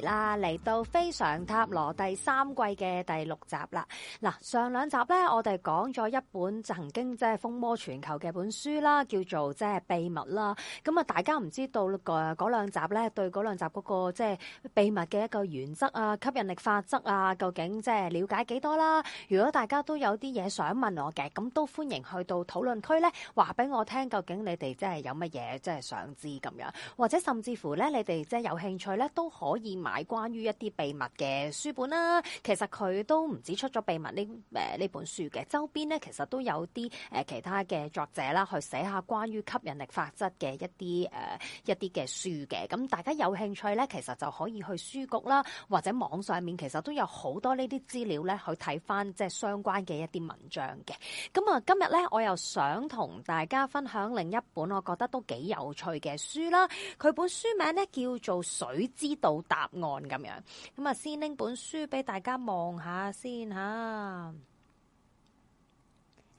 啦，嚟到《菲常塔羅》第三季嘅第六集啦。嗱，上兩集咧，我哋講咗一本曾經即係、就是、風靡全球嘅本書啦，叫做即係秘密啦。咁啊，大家唔知道誒嗰兩集咧，對嗰兩集嗰、那個即係、就是、秘密嘅一個原則啊、吸引力法則啊，究竟即係了解幾多啦？如果大家都有啲嘢想問我嘅，咁都歡迎去到討論區咧，話俾我聽究竟你哋即係有乜嘢即係想知咁樣，或者甚至乎咧，你哋即係有興趣咧，都可以買。關於一啲秘密嘅書本啦，其實佢都唔止出咗秘密呢誒呢本書嘅周邊咧，其實都有啲誒、呃、其他嘅作者啦，去寫下關於吸引力法則嘅一啲誒、呃、一啲嘅書嘅。咁大家有興趣咧，其實就可以去書局啦，或者網上面其實都有好多呢啲資料咧，去睇翻即係相關嘅一啲文章嘅。咁啊，今日咧我又想同大家分享另一本我覺得都幾有趣嘅書啦。佢本書名咧叫做《水知道答案》。案咁樣，咁啊，先拎本書俾大家望下先吓。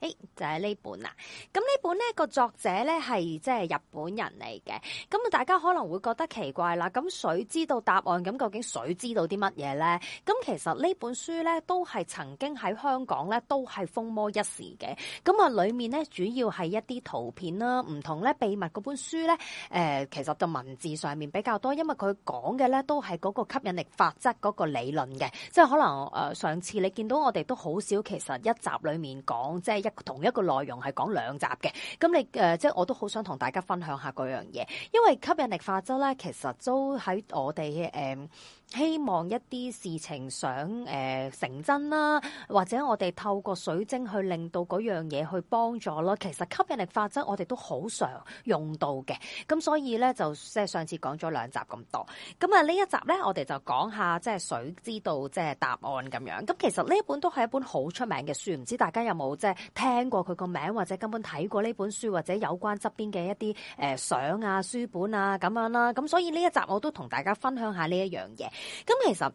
誒，hey, 就係呢本啦。啊，咁呢本呢個作者呢，係即係日本人嚟嘅，咁啊大家可能會覺得奇怪啦，咁水知道答案？咁究竟水知道啲乜嘢呢？咁其實呢本書呢，都係曾經喺香港呢，都係風靡一時嘅，咁啊裏面呢，主要係一啲圖片啦，唔同咧秘密嗰本書呢，誒、呃、其實就文字上面比較多，因為佢講嘅呢，都係嗰個吸引力法則嗰個理論嘅，即係可能誒上次你見到我哋都好少，其實一集裏面講即係同一個內容係講兩集嘅，咁你誒、呃、即係我都好想同大家分享下嗰樣嘢，因為吸引力法則咧，其實都喺我哋誒，嗯希望一啲事情想誒、呃、成真啦，或者我哋透過水晶去令到嗰樣嘢去幫助咯。其實吸引力法則我哋都好常用到嘅，咁所以咧就即係上次講咗兩集咁多，咁啊呢一集咧我哋就講下即係水知道即係答案咁樣，咁其實呢一本都係一本好出名嘅書，唔知大家有冇即係聽過佢個名，或者根本睇過呢本書或者有關側邊嘅一啲誒、呃、相啊書本啊咁樣啦、啊。咁所以呢一集我都同大家分享下呢一樣嘢。咁其實。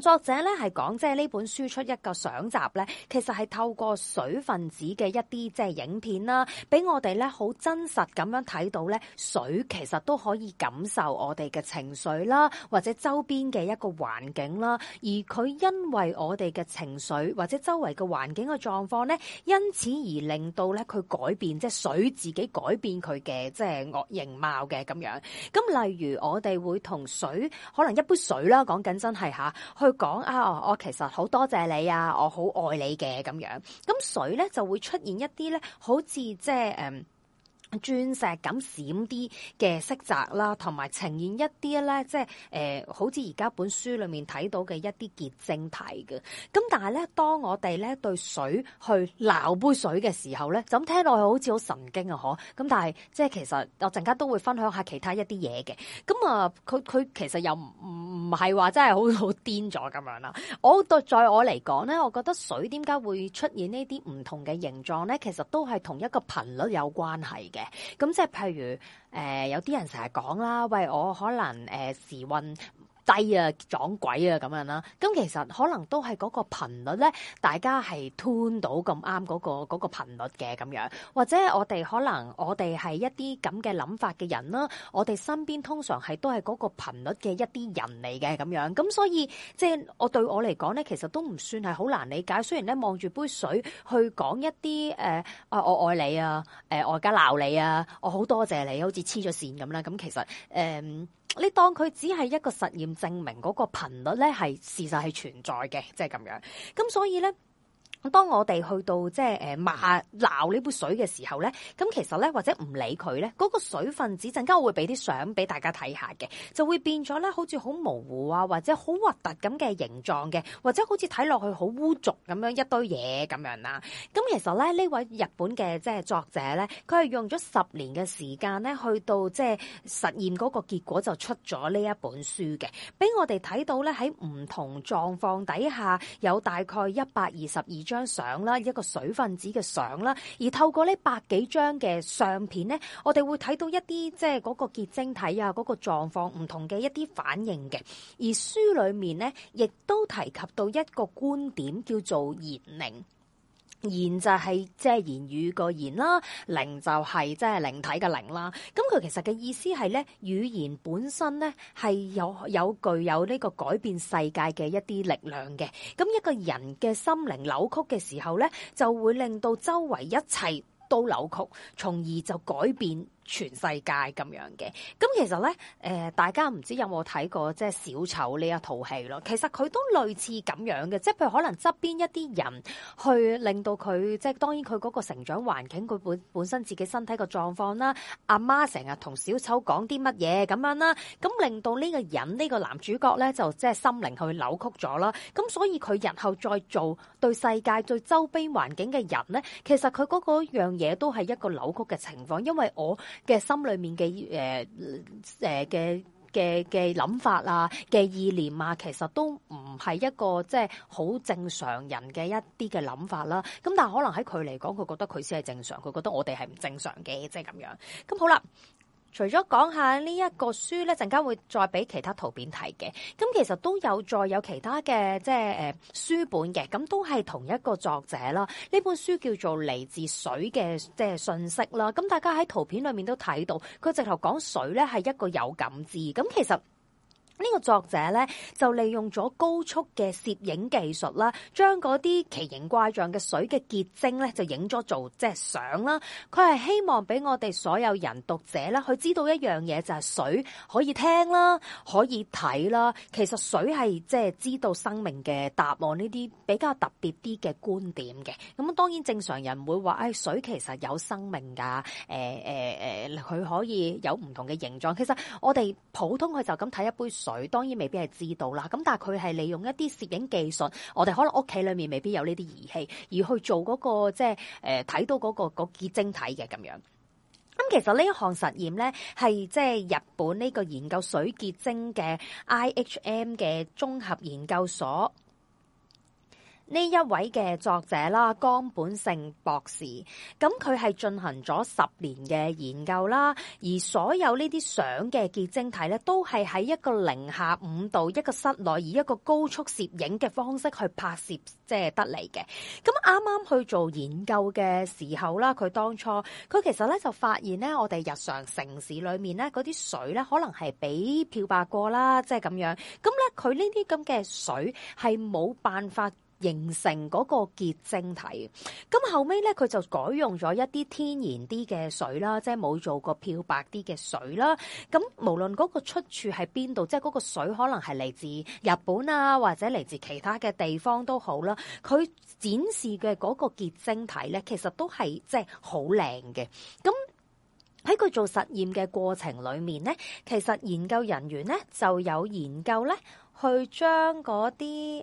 作者咧係講即係呢本書出一個相集咧，其實係透過水分子嘅一啲即係影片啦，俾我哋咧好真實咁樣睇到咧，水其實都可以感受我哋嘅情緒啦，或者周邊嘅一個環境啦。而佢因為我哋嘅情緒或者周圍嘅環境嘅狀況咧，因此而令到咧佢改變，即係水自己改變佢嘅即係形貌嘅咁樣。咁例如我哋會同水，可能一杯水啦，講緊真係吓去佢講啊，我其實好多謝你啊，我好愛你嘅咁樣，咁水咧就會出現一啲咧，好似即係誒。嗯鑽石咁閃啲嘅色澤啦，同埋呈現一啲咧，即係誒、呃，好似而家本書裏面睇到嘅一啲結晶體嘅。咁但係咧，當我哋咧對水去鬧杯水嘅時候咧，就咁聽落去好似好神經啊！嗬。咁但係即係其實我陣間都會分享下其他一啲嘢嘅。咁、嗯、啊，佢佢其實又唔唔係話真係好好癲咗咁樣啦。我對在我嚟講咧，我覺得水點解會出現呢啲唔同嘅形狀咧，其實都係同一個頻率有關係嘅。咁即係譬如，誒、呃，有啲人成日講啦，喂，我可能誒、呃、時運低啊撞鬼啊咁樣啦，啊，咁其實可能都係嗰個頻率咧，大家係吞到咁啱嗰個嗰、嗰個、頻率嘅咁樣，啊，或者我哋可能我哋係一啲咁嘅諗法嘅人啦，我哋、啊、身邊通常係都係嗰個頻率嘅一啲人嚟嘅咁樣，啊，咁所以即係我對我嚟講咧，其實都唔算係好難理解。雖然咧望住杯水去講一啲誒、呃、啊，我愛你啊，誒、啊、我而家鬧你啊，我好多謝你，好似黐咗線咁啦，咁、啊、其實誒。呃你當佢只係一個實驗證明嗰個頻率咧，係事實係存在嘅，即係咁樣。咁所以咧。當我哋去到即係誒罵鬧呢杯水嘅時候咧，咁其實咧，或者唔理佢咧，嗰個水分子，陣間我會俾啲相俾大家睇下嘅，就會變咗咧，好似好模糊啊，或者好核突咁嘅形狀嘅，或者好似睇落去好污濁咁樣一堆嘢咁樣啦。咁其實咧，呢位日本嘅即係作者咧，佢係用咗十年嘅時間咧，去到即係實驗嗰個結果，就出咗呢一本書嘅，俾我哋睇到咧喺唔同狀況底下，有大概一百二十二張張相啦，一個水分子嘅相啦，而透過呢百幾張嘅相片呢，我哋會睇到一啲即係嗰個結晶體啊，嗰、嗰個狀況唔同嘅一啲反應嘅。而書裏面呢，亦都提及到一個觀點，叫做熱凝。言就係即係言語個言啦，靈就係即係靈體嘅靈啦。咁佢其實嘅意思係咧，語言本身咧係有有具有呢個改變世界嘅一啲力量嘅。咁一個人嘅心靈扭曲嘅時候咧，就會令到周圍一切都扭曲，從而就改變。全世界咁樣嘅，咁其實咧，誒、呃、大家唔知有冇睇過即係小丑呢一套戲咯？其實佢都類似咁樣嘅，即係佢可能側邊一啲人去令到佢，即係當然佢嗰個成長環境，佢本本身自己身體嘅狀況啦，阿媽成日同小丑講啲乜嘢咁樣啦，咁令到呢個人呢、呢個男主角咧就即係心靈去扭曲咗啦。咁所以佢日後再做對世界對周邊環境嘅人咧，其實佢嗰個樣嘢都係一個扭曲嘅情況，因為我嘅心裏面嘅誒誒嘅嘅嘅諗法啊，嘅意念啊，其實都唔係一個即係好正常人嘅一啲嘅諗法啦、啊。咁但係可能喺佢嚟講，佢覺得佢先係正常，佢覺得我哋係唔正常嘅，即係咁樣。咁好啦。除咗講下呢一個書咧，陣間會再俾其他圖片睇嘅。咁其實都有再有其他嘅即係誒書本嘅，咁都係同一個作者啦。呢本書叫做嚟自水嘅即係信息啦。咁大家喺圖片裏面都睇到，佢直頭講水咧係一個有感知。咁其實。呢個作者咧就利用咗高速嘅攝影技術啦，將啲奇形怪狀嘅水嘅結晶咧就影咗做即係相啦。佢係希望俾我哋所有人讀者咧去知道一樣嘢，就係水可以聽啦，可以睇啦。其實水係即係知道生命嘅答案，呢啲比較特別啲嘅觀點嘅。咁當然正常人唔會話誒、哎、水其實有生命㗎。誒誒誒，佢、呃、可以有唔同嘅形狀，其實我哋普通佢就咁睇一杯水。水當然未必係知道啦，咁但係佢係利用一啲攝影技術，我哋可能屋企裡面未必有呢啲儀器，而去做嗰個即係誒睇到嗰個、個結晶體嘅咁樣。咁、嗯、其實呢一項實驗咧，係即係日本呢個研究水結晶嘅 IHM 嘅綜合研究所。呢一位嘅作者啦，江本勝博士，咁佢係進行咗十年嘅研究啦，而所有呢啲相嘅結晶體咧，都係喺一個零下五度一個室內，以一個高速攝影嘅方式去拍攝，即係得嚟嘅。咁啱啱去做研究嘅時候啦，佢當初佢其實咧就發現咧，我哋日常城市裡面咧嗰啲水咧，可能係俾漂白過啦，即係咁樣。咁咧，佢呢啲咁嘅水係冇辦法。形成嗰個結晶體，咁後尾咧佢就改用咗一啲天然啲嘅水啦，即係冇做過漂白啲嘅水啦。咁無論嗰個出處喺邊度，即係嗰個水可能係嚟自日本啊，或者嚟自其他嘅地方都好啦。佢展示嘅嗰個結晶體咧，其實都係即係好靚嘅。咁喺佢做實驗嘅過程裏面咧，其實研究人員咧就有研究咧去將嗰啲。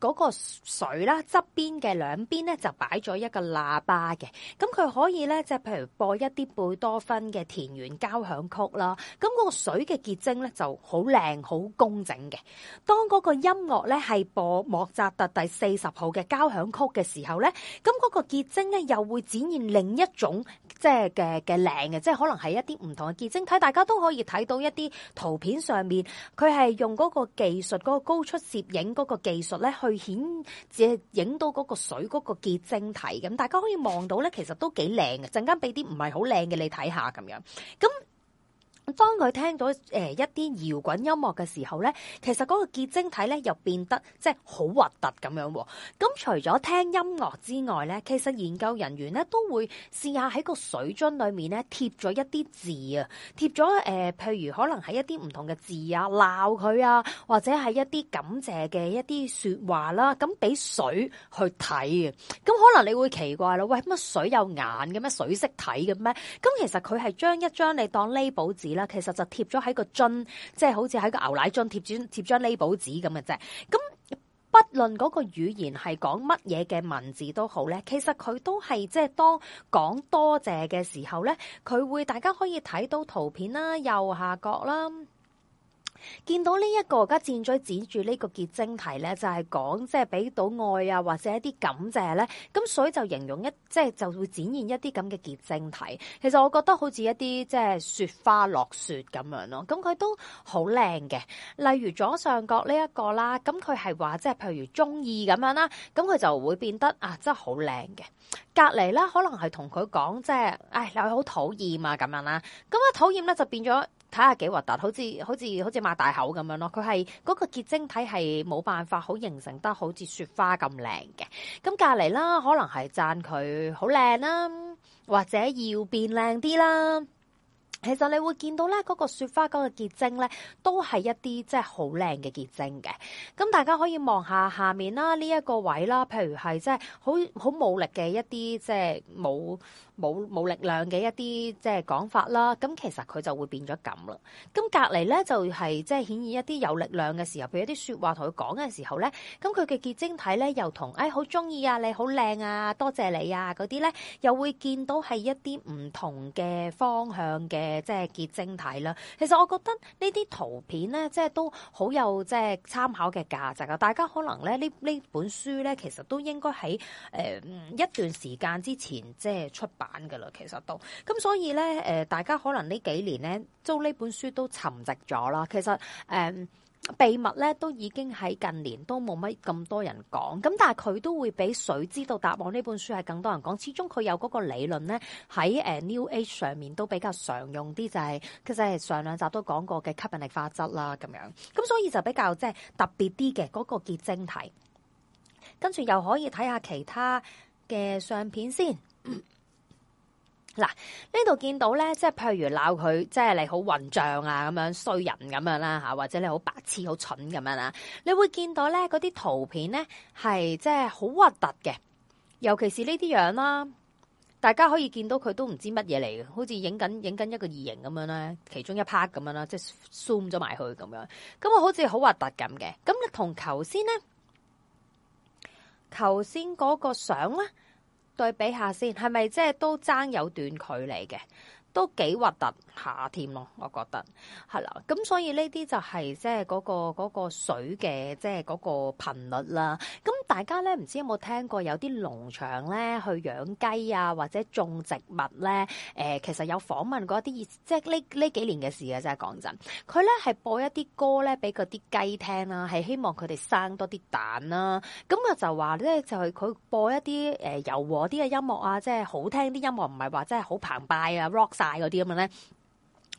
嗰個水啦，側邊嘅兩邊咧就擺咗一個喇叭嘅，咁佢可以咧即係譬如播一啲貝多芬嘅田園交響曲啦，咁嗰個水嘅結晶咧就好靚好工整嘅。當個音樂咧係播莫扎特第四十號嘅交響曲嘅時候咧，咁嗰個結晶咧又會展現另一種即係嘅嘅靚嘅，即係可能係一啲唔同嘅結晶睇大家都可以睇到一啲圖片上面，佢係用個技術、嗰個高速攝影、個技術咧去，去顯，只係影到嗰個水嗰個結晶體咁，大家可以望到咧，其實都幾靚嘅。陣間俾啲唔係好靚嘅你睇下咁樣，咁。當佢聽到誒、呃、一啲搖滾音樂嘅時候咧，其實個結晶體咧又變得即係好核突咁樣。咁除咗聽音樂之外咧，其實研究人員咧都會試下喺個水樽裏面咧貼咗一啲字啊，貼咗誒，譬如可能係一啲唔同嘅字啊，鬧佢啊，或者係一啲感謝嘅一啲說話啦。咁俾水去睇啊，咁可能你會奇怪咯，喂，乜水有眼嘅咩？水識睇嘅咩？咁其實佢係將一張你當呢報紙咧。其實就貼咗喺個樽，即係好似喺個牛奶樽貼張貼張呢薄紙咁嘅啫。咁不論嗰個語言係講乜嘢嘅文字都好咧，其實佢都係即係當講多謝嘅時候咧，佢會大家可以睇到圖片啦，右下角啦。見到呢、這、一個而家箭嘴指住呢個結晶體咧，就係、是、講即係俾到愛啊，或者一啲感謝咧，咁、嗯、所以就形容一即係就會展現一啲咁嘅結晶體。其實我覺得好似一啲即係雪花落雪咁樣咯，咁、嗯、佢都好靚嘅。例如左上角呢、這、一個啦，咁佢係話即係譬如中意咁樣啦，咁、嗯、佢就會變得啊真係好靚嘅。隔籬啦，可能係同佢講即係唉，你好討厭啊咁樣啦，咁啊討厭咧就變咗。睇下幾核突，好似好似好似擘大口咁樣咯。佢係嗰個結晶體係冇辦法好形成得好似雪花咁靚嘅。咁隔籬啦，可能係讚佢好靚啦，或者要變靚啲啦。其實你會見到咧，嗰個雪花嗰個結晶咧，都係一啲即係好靚嘅結晶嘅。咁大家可以望下下面啦，呢一個位啦，譬如係即係好好冇力嘅一啲即係冇冇冇力量嘅一啲即係講法啦。咁其實佢就會變咗咁啦。咁隔離咧就係即係顯現一啲有力量嘅時候，譬如一啲説話同佢講嘅時候咧，咁佢嘅結晶體咧又同誒好中意啊，你好靚啊，多謝你啊嗰啲咧，又會見到係一啲唔同嘅方向嘅。誒，即係結晶體啦。其實我覺得呢啲圖片咧，即係都好有即係參考嘅價值啊。大家可能咧呢呢本書咧，其實都應該喺誒一段時間之前即係出版噶啦。其實都咁，所以咧誒，大家可能呢幾年咧，都呢本書都沉寂咗啦。其實誒。呃秘密咧都已經喺近年都冇乜咁多人講，咁但係佢都會比水知道答案呢本書係更多人講，始終佢有嗰個理論咧喺誒 New Age 上面都比較常用啲，就係、是、其實係上兩集都講過嘅吸引力法則啦咁樣，咁所以就比較即係、就是、特別啲嘅嗰個結晶體，跟住又可以睇下其他嘅相片先。 嗱，呢度見到咧，即係譬如鬧佢，即係你好混賬啊，咁樣衰人咁樣啦吓，或者你好白痴、好蠢咁樣啦，你會見到咧嗰啲圖片咧係即係好核突嘅，尤其是呢啲樣啦，大家可以見到佢都唔知乜嘢嚟嘅，好似影緊影緊一個異形咁樣啦，其中一 part 咁樣啦，即係 zoom 咗埋去咁樣，咁啊好似好核突咁嘅，咁你同頭先咧，頭先嗰個相咧。再比下先，係咪即係都爭有短距離嘅，都幾核突夏天咯？我覺得係啦，咁所以呢啲就係即係嗰個嗰、那個水嘅即係嗰個頻率啦。大家咧唔知有冇聽過有啲農場咧去養雞啊或者種植物咧？誒、呃，其實有訪問過一啲，即係呢呢幾年嘅事啊！真係講真，佢咧係播一啲歌咧俾嗰啲雞聽啦、啊，係希望佢哋生多啲蛋啦、啊。咁啊就話咧就係、是、佢播一啲誒、呃、柔和啲嘅音樂啊，即係好聽啲音樂，唔係話真係好澎湃啊 rock 晒嗰啲咁樣咧。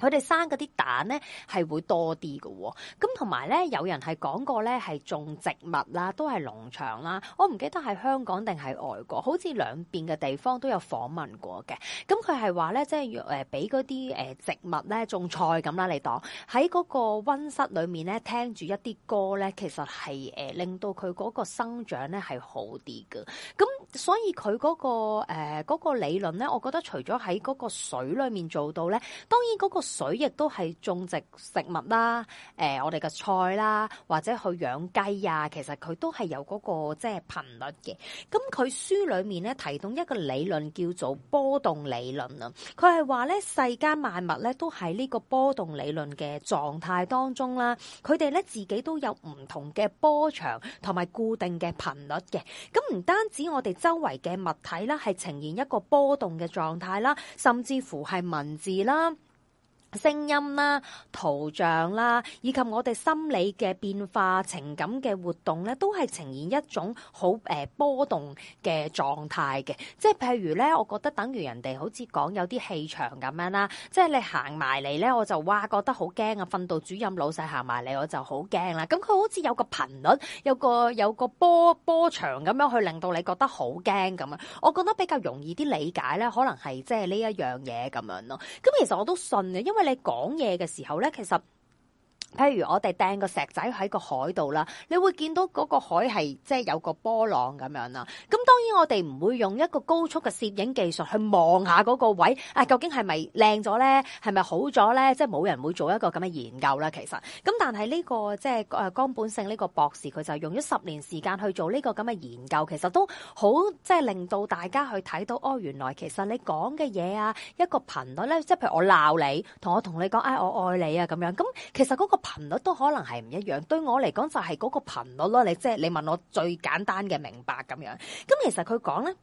佢哋生嗰啲蛋咧係會多啲嘅。咁同埋咧有人係講過咧係種植物啦，都係農場啦，我唔記得係香港定係外國，好似兩邊嘅地方都有訪問過嘅。咁佢係話咧，即係誒俾嗰啲誒植物咧種菜咁啦，你講喺嗰個溫室裏面咧聽住一啲歌咧，其實係誒、呃、令到佢嗰個生長咧係好啲嘅。咁所以佢嗰、嗰個誒嗰、呃嗰個理論咧，我覺得除咗喺嗰個水裏面做到咧，當然嗰個。水亦都係種植食物啦，啊，誒、呃，我哋嘅菜啦，啊，或者去養雞啊，其實佢都係有嗰、那個即係頻率嘅。咁、嗯、佢書裏面咧，提供一個理論叫做波動理論啊。佢係話咧，世間萬物咧都喺呢個波動理論嘅狀態當中啦。佢哋咧自己都有唔同嘅波長同埋固定嘅頻率嘅。咁、嗯、唔單止我哋周圍嘅物體啦，係呈現一個波動嘅狀態啦，甚至乎係文字啦。聲音啦、圖像啦，以及我哋心理嘅變化、情感嘅活動咧，都係呈現一種好誒、呃、波動嘅狀態嘅。即係譬如咧，我覺得等於人哋好似講有啲氣場咁樣啦。即係你行埋嚟咧，我就哇覺得好驚啊！訓導主任老細行埋嚟，我就、啊、好驚啦。咁佢好似有個頻率，有個有個波波長咁樣去令到你覺得好驚咁啊。我覺得比較容易啲理解咧，可能係即係呢一樣嘢咁樣咯。咁其實我都信啊，因為。你講嘢嘅時候咧，其實。譬如我哋掟個石仔喺個海度啦，你會見到嗰個海係即係有個波浪咁樣啦。咁當然我哋唔會用一個高速嘅攝影技術去望下嗰個位，啊究竟係咪靚咗咧？係咪好咗咧？即係冇人會做一個咁嘅研究啦。其實，咁但係呢個即係誒江本勝呢個博士，佢就用咗十年時間去做呢個咁嘅研究，其實都好即係令到大家去睇到，哦原來其實你講嘅嘢啊，一個頻率咧，即係譬如我鬧你，同我同你講，誒我愛你啊咁樣，咁其實嗰個。頻率都可能係唔一樣，對我嚟講就係嗰個頻率咯。你即係你問我最簡單嘅明白咁樣。咁其實佢講咧，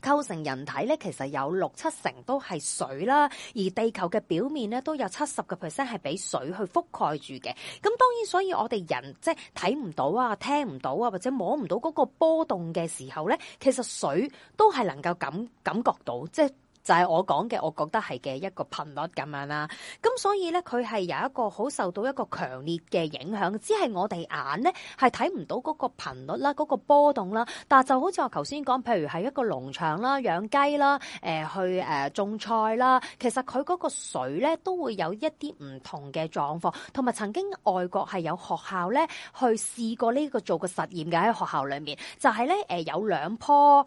構成人體咧，其實有六七成都係水啦，而地球嘅表面咧都有七十個 percent 係俾水去覆蓋住嘅。咁當然，所以我哋人即係睇唔到啊，聽唔到啊，或者摸唔到嗰個波動嘅時候咧，其實水都係能夠感感覺到，即係。就係我講嘅，我覺得係嘅一個頻率咁樣啦、啊。咁所以呢，佢係有一個好受到一個強烈嘅影響，只係我哋眼呢係睇唔到嗰個頻率啦、嗰、嗰個波動啦。但係就好似我頭先講，譬如係一個農場啦、養雞啦、誒、呃、去誒、呃、種菜啦，其實佢嗰個水呢都會有一啲唔同嘅狀況。同埋曾經外國係有學校呢去試過呢、呢個做個實驗嘅喺學校裏面，就係、係、呢誒、呃、有兩棵，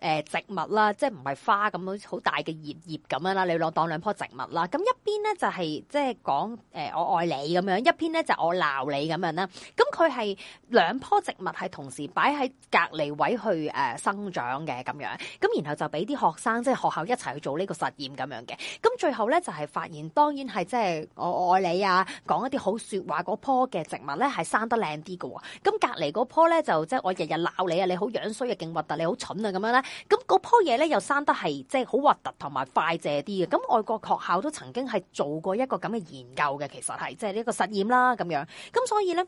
誒植物啦，即係唔係花咁樣好大嘅葉葉咁樣啦，你攞當兩棵植物啦。咁一邊呢，就係即係講誒我愛你咁樣，一邊呢，就我鬧你咁樣啦。咁佢係兩棵植物係同時擺喺隔離位去誒生長嘅咁樣。咁然後就俾啲學生即係學校一齊去做呢個實驗咁樣嘅。咁最後呢，就係發現，當然係即係我愛你啊，講一啲好説話嗰棵嘅植物呢，係生得靚啲㗎喎。咁隔離嗰棵呢，就即係我日日鬧你啊，你好樣衰啊，勁核突，你好蠢啊咁樣咧。咁嗰樖嘢咧又生得係即係好核突同埋快謝啲嘅，咁外國學校都曾經係做過一個咁嘅研究嘅，其實係即係呢個實驗啦咁樣，咁所以咧。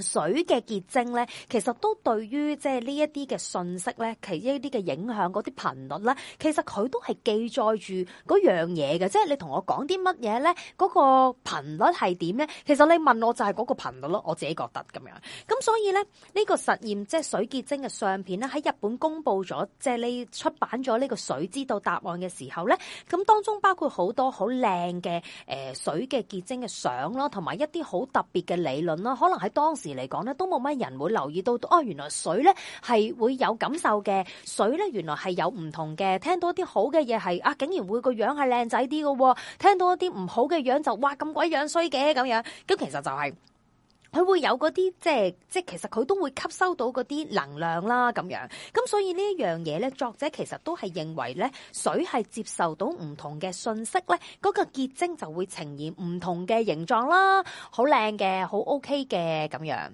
水嘅結晶咧，其實都對於即係呢一啲嘅信息咧，其一啲嘅影響嗰啲頻率咧，其實佢都係記載住樣嘢嘅，即係你同我講啲乜嘢咧，嗰個頻率係點咧？其實你問我就係嗰個頻率咯，我自己覺得咁樣，咁所以咧，呢個實驗即係水結晶嘅相片咧，喺日本公布咗即係你出版咗呢個水知道答案嘅時候咧，咁當中包括好多好靚嘅誒水嘅結晶嘅相咯，同埋一啲好特別嘅理論啦，可能喺當時。時嚟講咧，都冇乜人會留意到哦。原來水咧，係會有感受嘅，水咧原來係有唔同嘅。聽到一啲好嘅嘢，係啊，竟然會個樣係靚仔啲嘅，聽到一啲唔好嘅樣就哇，咁鬼樣衰嘅咁樣。咁其實就係、是。佢會有嗰啲即係即係，其實佢都會吸收到嗰啲能量啦，咁樣咁，所以呢一樣嘢咧，作者其實都係認為咧，水係接受到唔同嘅信息咧，嗰個結晶就會呈現唔同嘅形狀啦，好靚嘅，好 OK 嘅咁樣。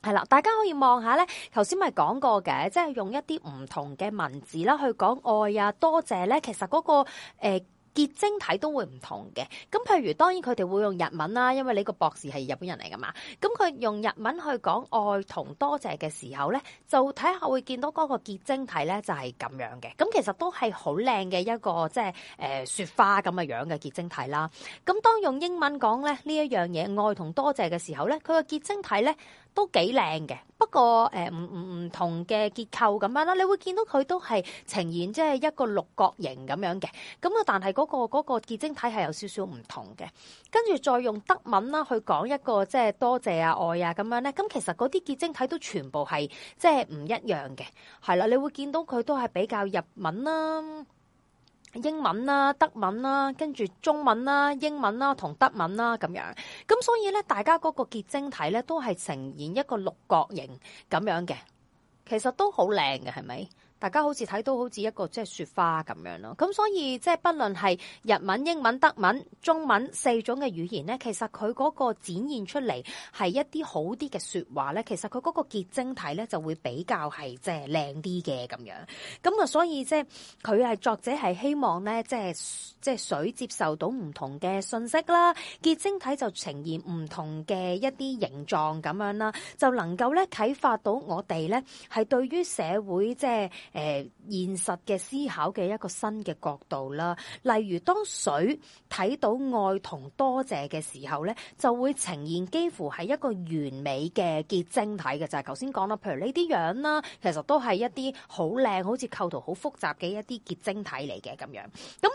係啦，大家可以望下咧，頭先咪講過嘅，即係用一啲唔同嘅文字啦去講愛啊，多謝咧，其實嗰個、呃結晶體都會唔同嘅，咁譬如當然佢哋會用日文啦，因為你個博士係日本人嚟噶嘛，咁佢用日文去講愛同多謝嘅時候呢，就睇下會見到嗰個結晶體呢，就係咁樣嘅，咁其實都係好靚嘅一個即係誒雪花咁嘅樣嘅結晶體啦。咁當用英文講呢呢一樣嘢愛同多謝嘅時候呢佢個結晶體呢。都幾靚嘅，不過誒唔唔唔同嘅結構咁樣啦，你會見到佢都係呈現即係一個六角形咁樣嘅，咁啊但係嗰個嗰個結晶體係有少少唔同嘅，跟住再用德文啦去講一個即係多謝啊愛啊咁樣咧，咁其實嗰啲結晶體都全部係即係唔一樣嘅，係啦，你會見到佢都係比較日文啦。英文啦、啊、德文啦、啊，跟住中文啦、啊、英文啦、啊、同德文啦、啊、咁樣，咁所以咧，大家嗰個結晶體咧都係呈現一個六角形咁樣嘅，其實都好靚嘅，係咪？大家好似睇到好似一個即係雪花咁樣咯，咁所以即係不論係日文、英文、德文、中文四種嘅語言咧，其實，佢嗰個展現出嚟係一啲好啲嘅說話咧，其實，佢嗰個結晶體咧就會比較，係即係靚啲嘅咁樣，咁啊，所以即係佢係作者係希望咧，即係即係水接受到唔同嘅信息啦，結晶體就呈現唔同嘅一啲形狀，咁樣啦，就能夠咧啟發到我哋咧係對於社會即係。誒、呃、現實嘅思考嘅一個新嘅角度啦，例如當水睇到愛同多謝嘅時候咧，就會呈現幾乎係一個完美嘅結晶體嘅，就係頭先講啦，譬如呢啲樣啦，啊，其實都係一啲好靚，好似構圖好複雜嘅一啲結晶體嚟嘅咁樣。咁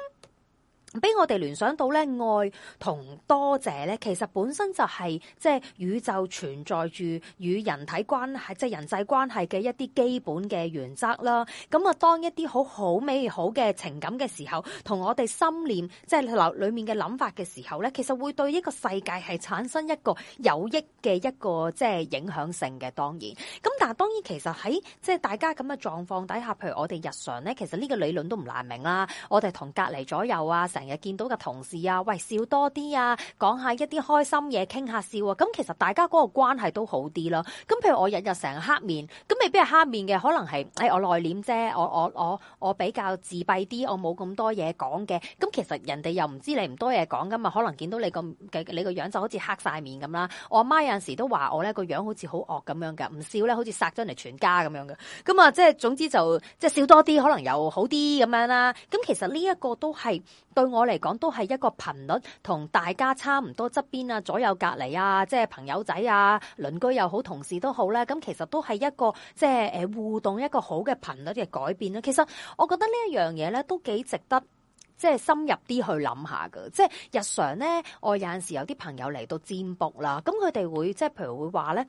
俾我哋聯想到咧愛同多謝咧，其實本身就係即係宇宙存在住與人體關係，即係人際關係嘅一啲基本嘅原則啦。咁啊，當一啲好好美好嘅情感嘅時候，同我哋心念即係裡面嘅諗法嘅時候咧，其實會對呢個世界係產生一個有益嘅一個即係影響性嘅。當然，咁但係當然其實喺即係大家咁嘅狀況底下，譬如我哋日常咧，其實呢個理論都唔難明啦。我哋同隔離左右啊，成成日見到嘅同事啊，喂，笑多啲啊，講下一啲開心嘢，傾下笑啊，咁其實大家嗰個關係都好啲咯。咁譬如我日日成日黑面，咁未必係黑面嘅，可能係，誒、哎，我內斂啫，我我我我比較自閉啲，我冇咁多嘢講嘅。咁其實人哋又唔知你唔多嘢講噶嘛，可能見到你個你個樣就好似黑晒面咁啦。我阿媽，媽有陣時都話我咧個樣好似好惡咁樣嘅，唔笑咧好似殺咗人哋全家咁樣嘅。咁啊，即係總之就即係笑多啲，可能又好啲咁樣啦。咁其實呢一個都係對。我嚟講都係一個頻率，同大家差唔多側邊啊，左右隔籬啊，即係朋友仔啊，鄰居又好，同事都好咧。咁其實都係一個即係誒互動，一個好嘅頻率嘅改變咧。其實我覺得呢一樣嘢咧都幾值得即係深入啲去諗下噶。即係日常咧，我有陣時有啲朋友嚟到占卜啦，咁佢哋會即係譬如會話咧。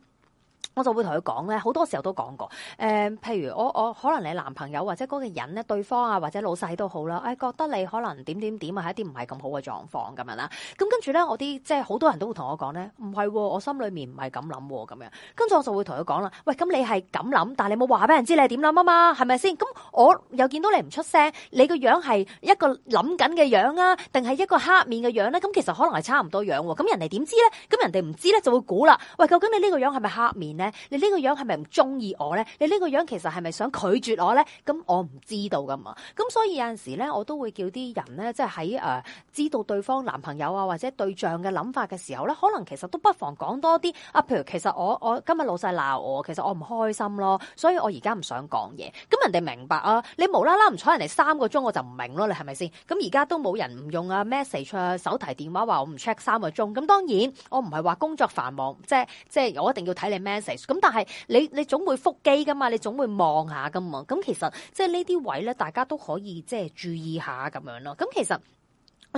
我就會同佢講咧，好多時候都講過。誒、呃，譬如我我可能你男朋友或者嗰個人咧，對方啊或者老細都好啦，誒、哎、覺得你可能點點點啊，係一啲唔係咁好嘅狀況咁樣啦。咁、嗯、跟住咧，我啲即係好多人都會同我講咧，唔係、啊，我心裏面唔係咁諗咁樣。跟住我就會同佢講啦，喂，咁你係咁諗，但係你冇話俾人知你係點諗啊嘛，係咪先？咁、嗯、我又見到你唔出聲，你個樣係一個諗緊嘅樣啊，定係一個黑面嘅樣咧？咁、嗯、其實可能係差唔多樣喎。咁、嗯、人哋點知咧？咁人哋唔知咧就會估啦。喂，究竟你呢個樣係咪黑面咧？你呢個樣係咪唔中意我咧？你呢個樣其實係咪想拒絕我咧？咁我唔知道噶嘛。咁所以有陣時咧，我都會叫啲人咧，即係喺誒知道對方男朋友啊或者對象嘅諗法嘅時候咧，可能其實都不妨講多啲。啊，譬如其實我我今日老細鬧我，其實我唔開心咯，所以我而家唔想講嘢。咁人哋明白啊，你無啦啦唔睬人哋三個鐘，我就唔明咯，你係咪先？咁而家都冇人唔用啊 message、啊、手提電話話我唔 check 三個鐘。咁當然我唔係話工作繁忙，即係即係我一定要睇你 message。咁但係你你總會覆機噶嘛，你總會望下噶嘛，咁其實即係呢啲位咧，大家都可以即係注意下咁樣咯。咁其實。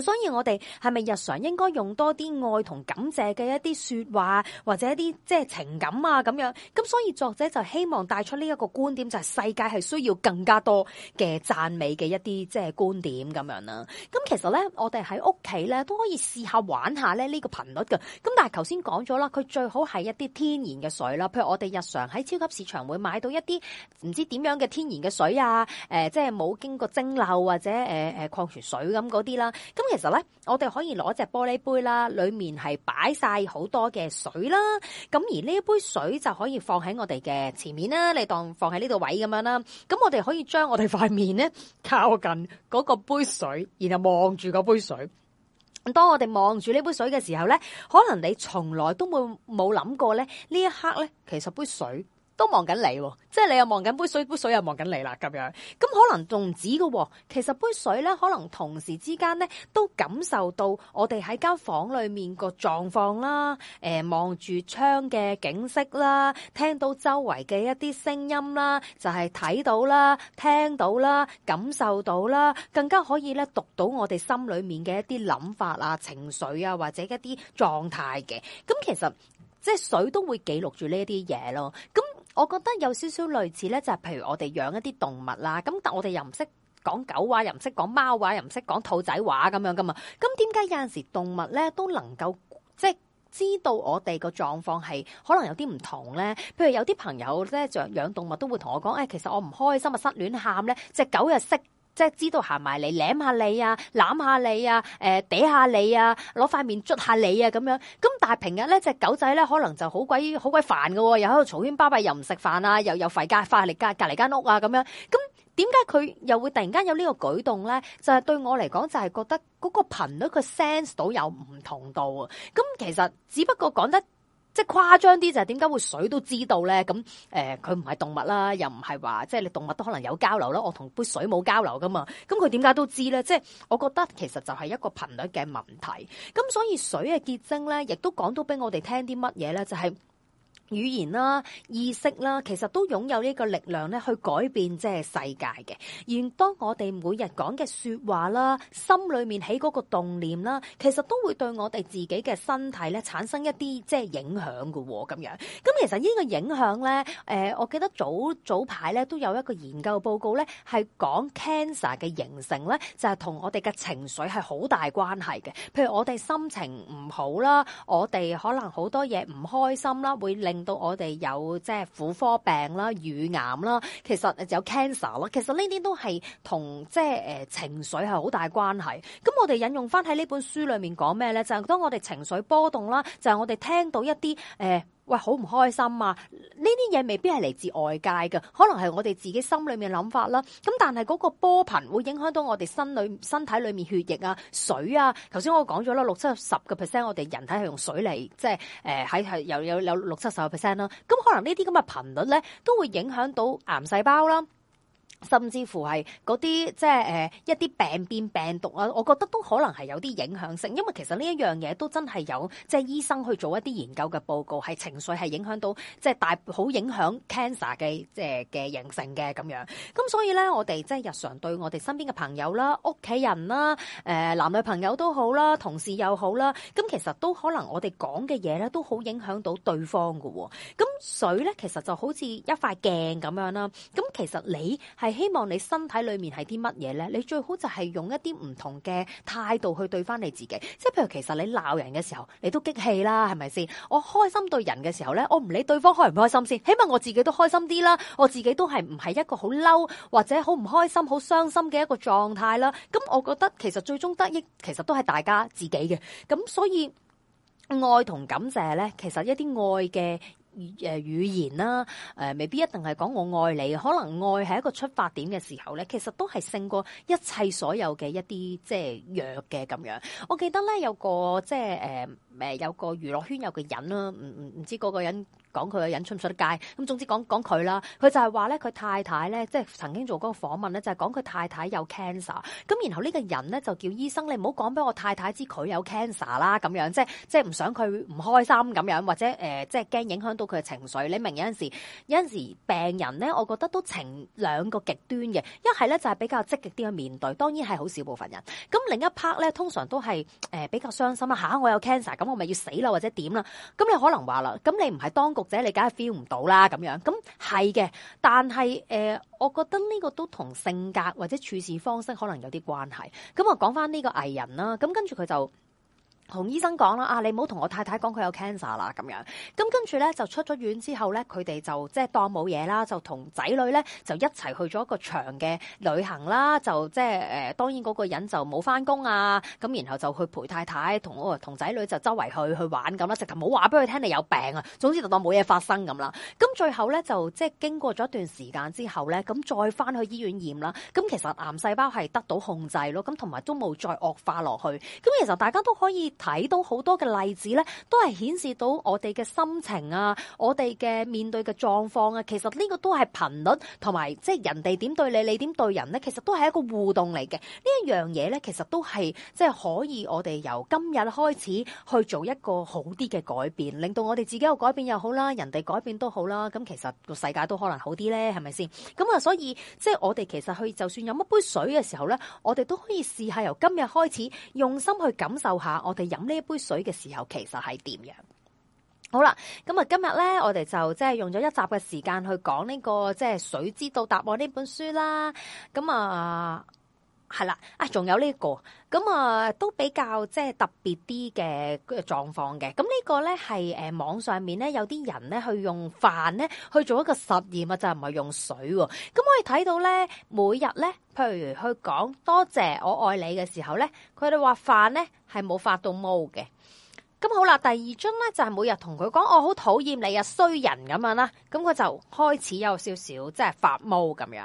所以我哋係咪日常應該用多啲愛同感謝嘅一啲説話，或者一啲即係情感啊咁樣？咁所以作者就希望帶出呢一個觀點，就係世界係需要更加多嘅讚美嘅一啲即係觀點咁樣啦。咁其實咧，我哋喺屋企咧都可以試下玩下咧呢個頻率㗎。咁但係頭先講咗啦，佢最好係一啲天然嘅水啦，譬如我哋日常喺超級市場會買到一啲唔知點樣嘅天然嘅水啊，誒、呃，即係冇經過蒸餾或者誒誒礦泉水咁嗰啲啦。咁咁其實咧，我哋可以攞隻玻璃杯啦，裏面係擺晒好多嘅水啦。咁而呢一杯水就可以放喺我哋嘅前面啦，你當放喺呢度位咁樣啦。咁我哋可以將我哋塊面咧靠近嗰個杯水，然後望住嗰杯水。當我哋望住呢杯水嘅時候咧，可能你從來都冇冇諗過咧呢一刻咧，其實杯水。都望緊你喎，即係你又望緊杯水，杯水又望緊你啦咁樣。咁可能仲唔止噶，其實杯水咧，可能同時之間咧都感受到我哋喺間房裏面個狀況啦，誒，望住窗嘅景色啦，聽到周圍嘅一啲聲音啦，就係睇到啦、聽到啦、感受到啦，更加可以咧讀到我哋心裏面嘅一啲諗法啊、情緒啊或者一啲狀態嘅。咁其實即係水都會記錄住呢一啲嘢咯，咁。我覺得有少少類似咧，就係譬如我哋養一啲動物啦，咁但我哋又唔識講狗話，又唔識講貓話，又唔識講兔仔話咁樣噶嘛。咁點解有陣時動物咧都能夠即係知道我哋個狀況係可能有啲唔同咧？譬如有啲朋友咧就養動物都會同我講，誒、哎、其實我唔開心啊，失戀喊咧，隻狗又識。即係知道行埋嚟舐下你啊、攬下你啊、誒、呃、嗲下你啊、攞塊面捽下你啊咁樣。咁但係平日咧隻狗仔咧可能就好鬼好鬼煩嘅、哦，又喺度嘈喧巴閉，又唔食飯啊，又又吠街吠嚟隔隔離間屋啊咁樣。咁點解佢又會突然間有呢個舉動咧？就係、是、對我嚟講，就係覺得嗰個頻率嘅 sense 到有唔同度。啊、嗯。咁其實只不過講得。即係誇張啲就係點解會水都知道咧？咁誒，佢唔係動物啦，又唔係話即係你動物都可能有交流囉，我同杯水冇交流噶嘛？咁佢點解都知咧？即係我覺得其實就係一個頻率嘅問題。咁所以水嘅結晶咧，亦都講到俾我哋聽啲乜嘢咧？就係、是。語言啦、意識啦，其實都擁有呢個力量咧，去改變即係世界嘅。而當我哋每日講嘅説話啦，心裏面起嗰個動念啦，其實都會對我哋自己嘅身體咧產生一啲即係影響㗎喎。咁樣，咁其實呢個影響咧，誒，我記得早早排咧都有一個研究報告咧，係講 cancer 嘅形成咧，就係同我哋嘅情緒係好大關係嘅。譬如我哋心情唔好啦，我哋可能好多嘢唔開心啦，會令令到我哋有即係婦科病啦、乳癌啦，其實就有 cancer 啦，其實呢啲都係同即係誒、呃、情緒係好大關係。咁我哋引用翻喺呢本書裏面講咩咧？就係、是、當我哋情緒波動啦，就係、是、我哋聽到一啲誒。呃喂，好唔開心啊！呢啲嘢未必係嚟自外界嘅，可能係我哋自己心裏面諗法啦。咁但係嗰個波頻會影響到我哋身裏身體裏面血液啊、水啊。頭先我講咗啦，六七十個 percent 我哋人體係用水嚟，即係誒喺係又有有六七十個 percent 啦。咁、啊嗯、可能呢啲咁嘅頻率咧，都會影響到癌細胞啦。甚至乎係嗰啲即係誒、呃、一啲病變病毒啊，我覺得都可能係有啲影響性，因為其實呢一樣嘢都真係有即係醫生去做一啲研究嘅報告，係情緒係影響到即係大好影響 cancer 嘅即係嘅形成嘅咁樣。咁所以咧，我哋即係日常對我哋身邊嘅朋友啦、屋企人啦、誒、呃、男女朋友都好啦、同事又好啦，咁其實都可能我哋講嘅嘢咧都好影響到對方㗎喎。咁水咧其實就好似一塊鏡咁樣啦。咁其實你係。係希望你身體裏面係啲乜嘢呢？你最好就係用一啲唔同嘅態度去對翻你自己，即係譬如其實你鬧人嘅時候，你都激氣啦，係咪先？我開心對人嘅時候呢，我唔理對方開唔開心先，起碼我自己都開心啲啦，我自己都係唔係一個好嬲或者好唔開心、好傷心嘅一個狀態啦。咁我覺得其實最終得益，其實都係大家自己嘅。咁所以愛同感謝呢，其實一啲愛嘅。誒語言啦，誒、呃、未必一定係講我愛你，可能愛係一個出發點嘅時候咧，其實都係勝過一切所有嘅一啲即係弱嘅咁樣。我記得咧有個即係誒誒有個娛樂圈有個人啦，唔唔唔知嗰個人。講佢個人出唔出得街？咁總之講講佢啦，佢就係話咧，佢太太咧，即係曾經做嗰個訪問咧，就係講佢太太有 cancer。咁然後呢個人咧就叫醫生，你唔好講俾我太太知佢有 cancer 啦，咁樣即係即係唔想佢唔開心咁樣，或者誒、呃、即係驚影響到佢嘅情緒。你明有？有陣時有陣時病人咧，我覺得都呈兩個極端嘅。一係咧就係比較積極啲去面對，當然係好少部分人。咁另一 part 咧，通常都係誒比較傷心啦。吓、啊，我有 cancer，咁我咪要死啦，或者點啦？咁你可能話啦，咁你唔係當局。或者你梗係 feel 唔到啦咁樣，咁係嘅，但係誒、呃，我覺得呢個都同性格或者處事方式可能有啲關係。咁、嗯、我講翻呢個藝人啦，咁、嗯、跟住佢就。同醫生講啦，啊你唔好同我太太講佢有 cancer 啦咁樣。咁跟住咧就出咗院之後咧，佢哋就即係當冇嘢啦，就同仔女咧就一齊去咗一個長嘅旅行啦。就即係誒、呃，當然嗰個人就冇翻工啊。咁然後就去陪太太，同同仔女就周圍去去玩咁啦。直頭冇話俾佢聽你有病啊。總之就當冇嘢發生咁啦。咁最後咧就即係經過咗一段時間之後咧，咁再翻去醫院驗啦。咁其實癌細胞係得到控制咯。咁同埋都冇再惡化落去。咁其實大家都可以睇到好多嘅例子咧，都係顯示到我哋嘅心情啊，我哋嘅面對嘅狀況啊，其實呢個都係頻率同埋，即係人哋點對你，你點對人咧，其實都係一個互動嚟嘅。呢一樣嘢咧，其實都係即係可以我哋由今日開始去做一個好啲嘅改變，令到我哋自己有改變又好啦，人哋改變都好啦。咁其實個世界都可能好啲咧，係咪先？咁啊，所以即係、就是、我哋其實去，就算飲一杯水嘅時候咧，我哋都可以試下由今日開始用心去感受下我哋。飲呢一杯水嘅時候，其實係點樣？好啦，咁啊，今日咧，我哋就即係用咗一集嘅時間去講呢個即係《水知道答案》呢本書啦。咁啊。係啦，啊，仲有呢個，咁啊都比較即係特別啲嘅狀況嘅。咁呢個咧係誒網上面咧有啲人咧去用飯咧去做一個實驗啊，就唔係用水。咁我哋睇到咧，每日咧，譬如去講多謝、我愛你嘅時候咧，佢哋話飯咧係冇發到毛嘅。咁好啦，第二樽咧就係、是、每日同佢講，我好討厭你啊，衰人咁樣啦，咁佢就開始有少少即係發毛咁樣。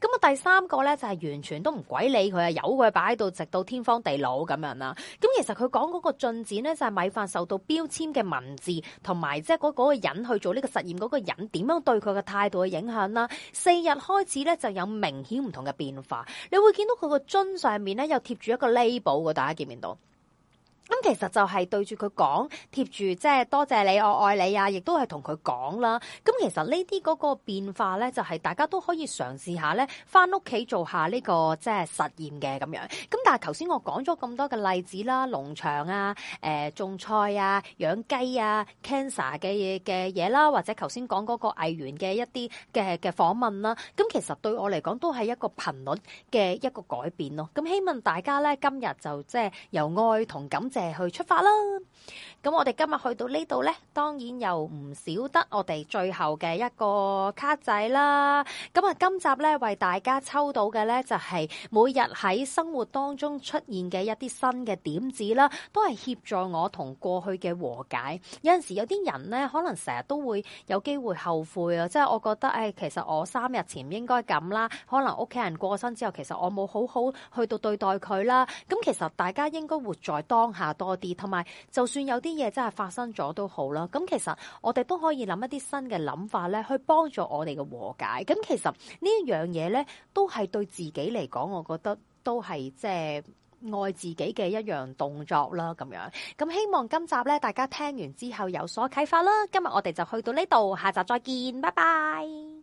咁啊，第三個咧就係、是、完全都唔鬼理佢啊，由佢擺喺度，直到天荒地老咁樣啦。咁其實佢講嗰個進展咧就係、是、米飯受到標籤嘅文字同埋即係嗰嗰個人去做呢個實驗嗰個人點樣對佢嘅態度嘅影響啦。四日開始咧就有明顯唔同嘅變化，你會見到佢個樽上面咧有貼住一個 label 嘅，大家見唔見到？咁其實就係對住佢講貼住即係多謝你，我愛你啊！亦都係同佢講啦。咁其實呢啲個變化咧，就係大家都可以嘗試下咧，翻屋企做下呢個即係實驗嘅咁樣，咁但係頭先我講咗咁多嘅例子啦，農場啊，誒種菜啊，養雞啊，cancer 嘅嘢嘅嘢啦，或者頭先講個藝員嘅一啲嘅嘅訪問啦。咁其實對我嚟講都係一個頻率嘅一個改變咯。咁希望大家咧今日就即係由愛同感謝。誒，去出發啦！咁我哋今日去到呢度呢，當然又唔少得我哋最後嘅一個卡仔啦。咁啊，今集呢，為大家抽到嘅呢，就係每日喺生活當中出現嘅一啲新嘅點子啦，都係協助我同過去嘅和解。有陣時有啲人呢，可能成日都會有機會後悔啊！即係我覺得，誒、哎，其實我三日前應該咁啦。可能屋企人過身之後，其實我冇好好去到對待佢啦。咁其實大家應該活在當下。多啲，同埋就算有啲嘢真係發生咗都好啦。咁其實我哋都可以諗一啲新嘅諗法咧，去幫助我哋嘅和解。咁其實呢樣嘢咧，都係對自己嚟講，我覺得都係即係愛自己嘅一樣動作啦。咁樣咁希望今集咧，大家聽完之後有所啟發啦。今日我哋就去到呢度，下集再見，拜拜。